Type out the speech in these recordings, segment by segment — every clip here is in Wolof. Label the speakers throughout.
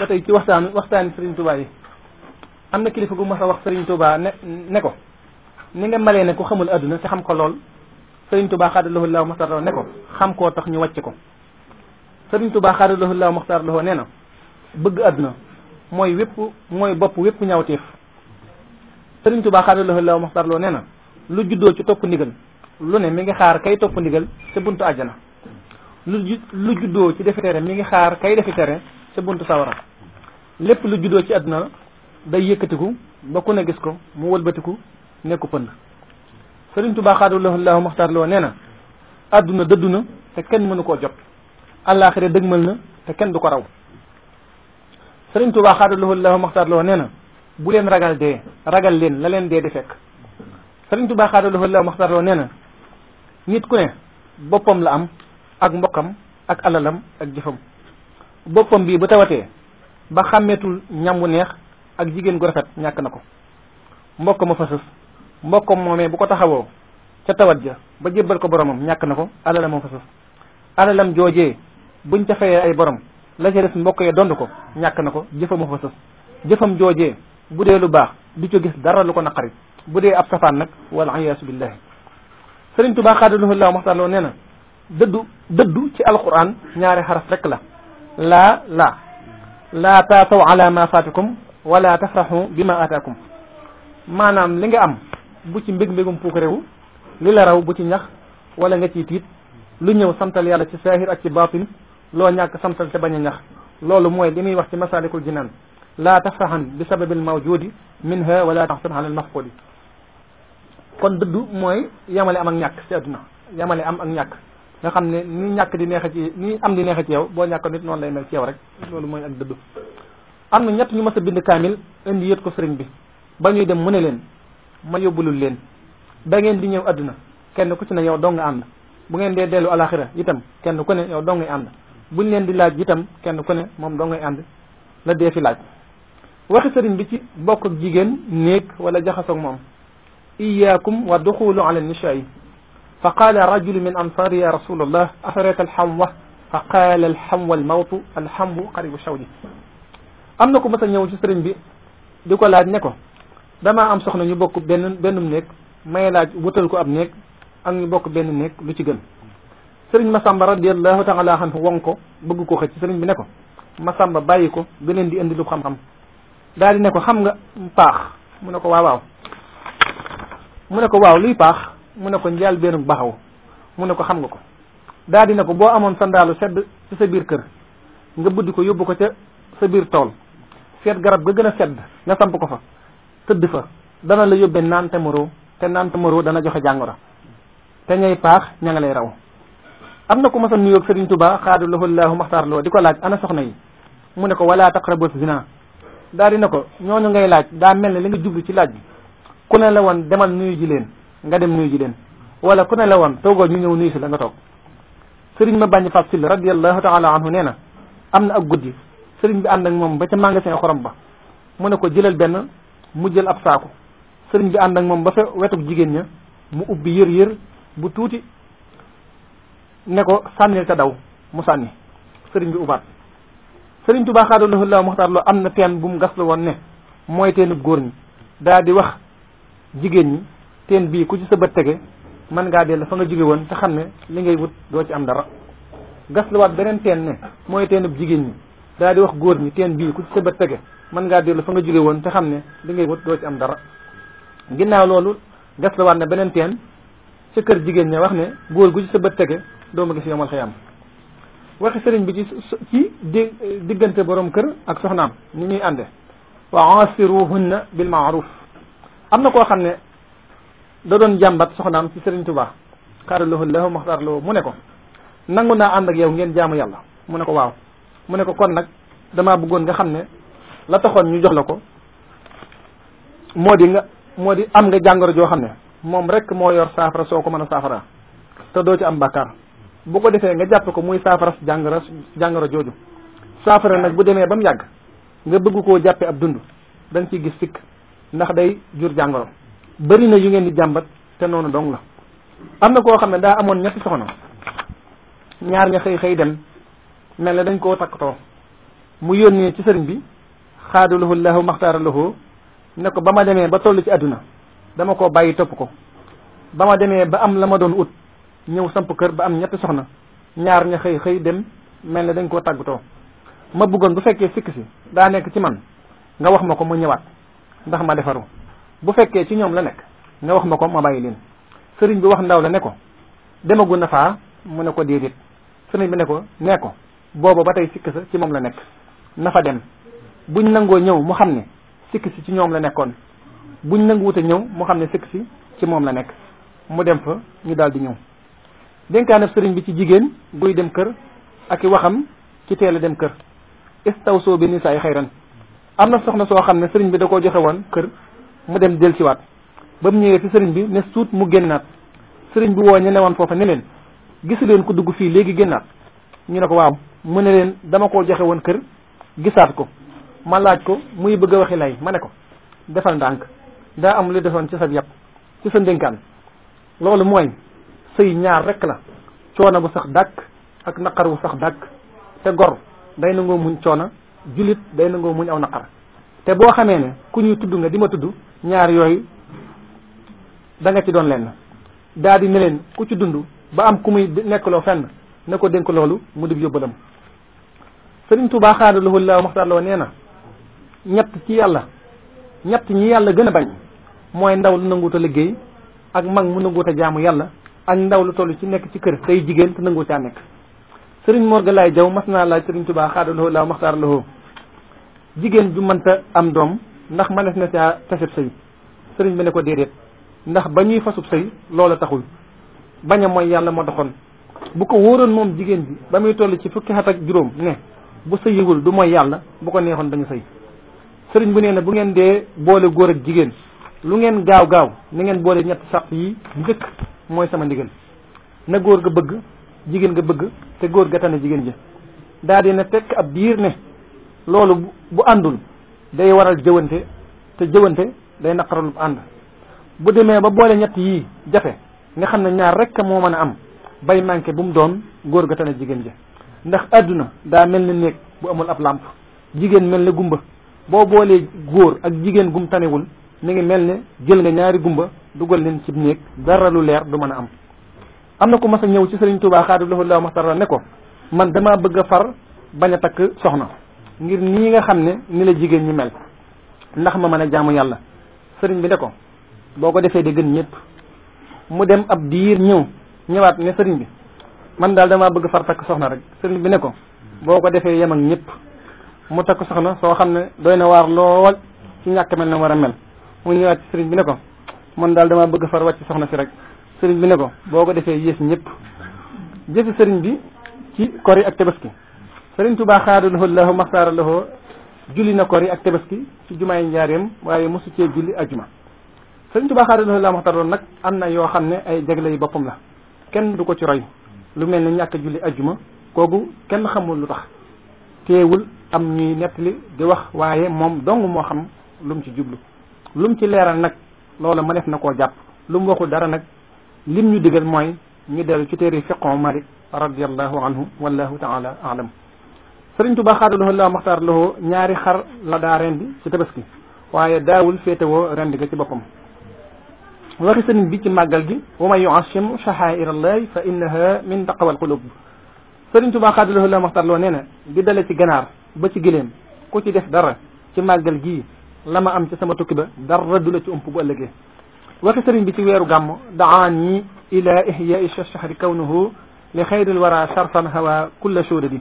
Speaker 1: ba tey ci waxtaanu waxtaani Serigne Touba yi am na kilifa gu mas a wax Serigne Touba ne ne ko ni nga malee ne ku xamul àdduna te xam ko lool Serigne Touba xaadalohu laaw maxtaar loxo xam koo tax ñu wàcc ko Serigne Touba xaadalohu laaw maxtaar loxo nee na bëgg àdduna mooy wépp mooy bopp wépp ñaawteef Serigne Touba xaadalohu laaw maxtaar loxo nee na lu juddoo ci topp ndigal lu ne mi ngi xaar kay topp ndigal sa buntu àjjana lu ju lu juddoo ci defi tere mi ngi xaar kay defi tere sa buntu sawara lépp lu juddoo ci àdduna day yëkkatiku ba ku ne gis ko mu wëlbatiku nekku pënd sëriñ tubaa xaadulahullahu maxtaar loo nee na àdduna dëddu na te kenn mënu koo jot àllaaxira dëgmal na te kenn du ko raw sëriñ tubaa xaadulahullahu maxtaar loo nee na bu leen ragal dee ragal leen la leen dee di fekk sëriñ tubaa xaadulahullahu maxtaar loo nee na nit ku ne boppam la am ak mbokkam ak alalam ak jëfam boppam bii bu tawatee ba xàmmeetul ñam wu neex ak jigéen gu rafet ñàkk na ko mbokk ma fa sës mbokk moomee bu ko taxawoo ca tawat ja ba jébbal ko boromam ñàkk na ko alalam ma fa sës alalam joojee buñ ca fayee ay borom la ca des mbokk ya dond ko ñàkk na ko jëfam ma fa sës jëfam joojee bu dee lu baax du ca gis dara lu ko naqari bu dee ab safaan nag wala ayaasu billahi sëriñ tubaa xaadalahu laa waxtaan loo nee na dëddu dëddu ci alquran ñaari xaraf rek la laa laa taasaw ala ma faatikum wala tafraxu bi ma ataakum maanaam li nga am bu ci mbég mbégum ko réew li la raw bu ci ñax wala nga ciy tiit lu ñëw santal yàlla ci saahir ak ci baatin loo ñàkk santal te bañ a ñax loolu mooy li muy wax ci masaalikul jinaan laa tafraxan bi sababil mawjudi minha wala taxsan ala almafqudi kon dëddu mooy yamale am ak ñàkk ci àdduna yamale am ak ñàkk nga xam ne ni ñàkk di neexe ci ni am di neex ci yow boo ñàkkoon nit noonu lay mel ci yow rek loolu mooy ak dëddu am na ñett ñu mës a bind kaamil indi yët ko sëriñ bi ba ñuy dem mu ne leen ma yóbbulul leen da ngeen di ñëw àdduna kenn ku ci ne yow dong nga ànd bu ngeen dee dellu alaxira itam kenn ku ne yow dong ngay ànd buñ leen di laaj itam kenn ku ne moom dong ngay ànd la dee fi laaj waxi sëriñ bi ci bokk jigéen néeg wala jaxasoog moom iyaakum wa duxulu ala nisaa yi fa qaala rajulu min ansaari ya rasul allah afaraka alxamwa fa qaala alxamwa almawtu alxamwu qaribu shawji am na ko mas ñëw ci sëriñ bi di ko laaj ne ko damaa am soxna ñu bokk benn benn néeg may laaj wutal ko ab néeg ak ñu bokk benn néeg lu ci gën sëriñ Masamba radiallahu taala anhu won ko bëgg ko xëcc sëriñ bi ne ko Masamba bàyyi ko da leen di indi lu xam-xam daal ne ko xam nga paax mu ne ko waaw waaw mu ne ko waaw luy paax mu ne ko njaal benn baxaw mu ne ko xam nga ko daa di ne ko boo amoon sandaalu sedd ci sa biir kër nga buddi ko yóbbu ko ca sa biir tool seet garab ga gën a sedd nga samp ko fa tëdd fa dana la yóbbee naan moro te naan te moro dana joxe jàngoro te ñay paax ña nga lay raw am na ku masa nuyoog Sëriñ Tuubaa la llaahu maxtaar loo di ko laaj ana soxna yi mu ne ko wala taqrabu zina daa di ne ko ñooñu ngay laaj daa mel ne li nga jublu ci laaj bi ku ne la woon demal nuyu ji leen nga dem nuyu leen wala ku ne la woon toogoo ñu ñëw nuyu la nga toog sëriñ ma bàññi fab sill radiallahu taala anhu nee na am na ak guddi sëriñ bi ànd ak moom ba ca magasin xorom ba mu ne ko jëlal benn mu jël ab saako sëriñ bi ànd ak moom ba fa wetug jigéen ña mu ubbi yër yër bu tuuti ne ko sànnil te daw mu sànni sëriñ bi ubaat sëriñ Tuubaa xaadallahu laa muxtaar loo am na teen bu mu gas la woon ne mooy teenu góor ñi daa di wax jigéen ñi teen bii ku ci sa bët tege mën ngaa dellu fa nga jóge woon te xam ne li ngay wut doo ci am dara gasluwaat beneen teen ne mooy teenub jigéen ñi daal di wax góor ñi teen bii ku ci sa tege mën ngaa dellu fa nga jóge woon te xam ne li ngay wut doo ci am dara ginnaaw loolu gasluwaat na beneen teen sa kër jigéen ña wax ne góor gu ci sa tege doo ma gis yomal am waxi sëriñ bi ci ci diggante boroom kër ak soxnaam ni ñuy ànde wa asiruhunna na koo da doon jàmbat soxnaam ci Serigne Touba xaaraloo laahu maxtaarloo mu ne ko nangu naa ànd ak yow ngeen jaamu yàlla mu ne ko waaw mu ne ko kon nag damaa bëggoon nga xam ne la taxoon ñu jox la ko moo di nga moo di am nga jàngoro joo xam ne moom rek moo yor saafara soo ko mën a saafara te doo ci am bàkkaar boo ko defee nga jàpp ko muy saafara jàngoro jàngoro jooju saafara nag bu demee ba mu yàgg nga bëgg koo jàppee ab dund da nga ciy gis sikk ndax day jur jàngoro bëri na yu ngeen di jàmbat te noonu dong la am na koo xam ne daa amoon ñetti soxna ñaar ña xëy xëy dem mel ne dañ koo takkatoo mu yónnee ci sëriñ bi xaadalahu llahu maxtaaralahu ne ko ba ma demee ba toll ci àdduna dama koo bàyyi topp ko ba ma demee ba am la ma doon ut ñëw samp kër ba am ñetti soxna ñaar ña xëy xëy dem mel ne dañ koo tàggatoo ma bëggoon bu fekkee sikk si daa nekk ci man nga wax ma ko ma ñëwaat ndax ma defaru bu fekkee ci ñoom la nekk nga wax ma ko ma bàyyi leen sëriñ bi wax ndaw la ne ko demagu na faa mu ne ko déedéet sëriñ bi ne ko nee ko booba ba tey sikk sa ci moom la nekk na fa dem buñ nangoo ñëw mu xam ne sikk si ci ñoom la nekkoon buñ nanguwute ñëw mu xam ne sikk si ci moom la nekk mu dem fa ñu daal di ñëw dénkaanab sëriñ bi ci jigéen guy dem kër ak i waxam ci teel a dem kër istawsoo bi nisaay xayran am na soxna soo xam ne sëriñ bi da koo joxe woon kër mu dem dellusiwaat ba mu ñëwee ci sëriñ bi ne suut mu génnaat sëriñ bi woo ñu newoon foofa ne leen gisu leen ku dugg fii léegi génnaat ñu ne ko waaw mu ne leen dama koo joxe woon kër gisaat ko ma laaj ko muy bëgg a waxi lay ma ne ko defal ndànk daa am lu defoon ci sa yàpp ci sa ndénkaan loolu mooy sëy ñaar rek la coono bu sax dàkk ak naqar bu sax dàkk te gor day nangoo muñ coono jullit day nangoo muñ aw naqar te boo xamee ne ku ñuy tudd nga di ma tudd ñaar yooyu da ci doon lenn daa di ne leen ku ci dund ba am ku muy loo fenn ne ko dénk loolu mu dib yóbbalam sëriñ Tuubaa xaadalahu laa maxtaar loo nee na ñett ci yàlla ñett ñi yàlla gën a bañ mooy ndaw lu liggéey ak mag mu nanguut a jaamu yàlla ak ndaw lu toll ci nekk ci kër tey jigéen te nanguut sëriñ Mor Galaay Jaw mas naa laaj sëriñ Tuubaa xaadalahu laa maxtaar loo jigéen ju mënta am doom ndax mënees na caa tasib sëy sëriñ bi ne ko déedéet ndax ba ñuy fasub sëy loola taxul bañ a mooy yàlla moo taxoon bu ko wóoroon moom jigéen bi ba muy toll ci fukki xat ak juróom ne bu sëyiwul du mooy yàlla bu ko neexoon dañu sëy sëriñ bu nee na bu ngeen dee boole góor ak jigéen lu ngeen gaaw gaaw ni ngeen boole ñett sàq yi njëkk mooy sama ndigal na góor ga bëgg jigéen ga bëgg te góor ga tane jigéen ja daa dina tekk ab diir ne loolu bu àndul day waral jëwante te jëwante day naqaralub ànd bu demee ba boole ñett yi jafe nga xam ne ñaar rek moo mën a am bay manqué bu mu doon góor ga tane jigéen ji ndax àdduna daa mel ni néeg bu amul ab làmp jigéen mel ne gumba boo boolee góor ak jigéen gum tanewul mi ngi mel ne jël nga ñaari gumba dugal leen cib néeg dara lu leer du mën a am am na ku mas a ñëw ci sëriñ Tuubaa xaadib lahu llahu maxtara ne ko man dama bëgg a far bañ a takk soxna ngir nii nga xam ne ni la jigéen ñi mel ndax ma mën a jaamu yàlla sëriñ bi ne ko boo ko defee di gën ñëpp mu dem ab diir ñëw ñëwaat ne sëriñ bi man daal damaa bëgg far takk soxna rek sëriñ bi ne ko boo ko defee yem ak ñëpp mu takk soxna soo xam ne doy na waar lool ci ñàkk mel na war a mel mu ñëwaat ci bi ne ko man daal damaa bëgg far wàcc soxna si rek sëriñ bi ne ko boo ko defee yées ñëpp jëfi sëriñ bi ci kori ak tabaski Sëriñ Tuubaa xaadalahu lahu maxtaara lahu julli na koor yi ak tabaski ci jumaay njaareem waaye mosu cee julli ajuma Sëriñ Tuubaa xaadalahu lahu maxtaara nag am na yoo xam ne ay jagle yi boppam la kenn du ko ci roy lu mel ni ñàkk julli juma kooku kenn xamul lu tax teewul am ñuy nettali di wax waaye moom dong moo xam lu mu ci jublu lu mu ci leeral nag loolu ma mëneef na ko jàpp lu mu waxul dara nag lim ñu digal mooy ñu dellu ci téere fiqhu Malik radiyallahu anhu wallahu taala alam sëriñ Tuubaa xaadaloxo laa maxtaar loxo ñaari xar la daa rendi ci tabaski waaye daawul féetewoo rendi ga ci boppam waxi sëriñ bi ci màggal gi wa man yuasim shahairallahi fa innaha min taqwal qulub sëriñ Tuubaa xaadaloxo laa maxtaar loxo nee na di dale ci ganaar ba ci gëléem ku ci def dara ci màggal gi lama am ci sama tukki ba dara du la ci ump bu ëllëgee waxi sëriñ bi ci weeru gàmm daani ila ihyaai shahri kawnuhu li xayril wara sharfan hawa kulla shuuda bi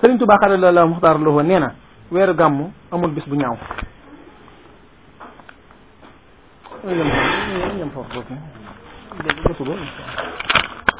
Speaker 1: Sëriñ Tuubaa xaadala la muxtaar loo nee na weeru gàmmu amul bis bu ñaaw yem foofu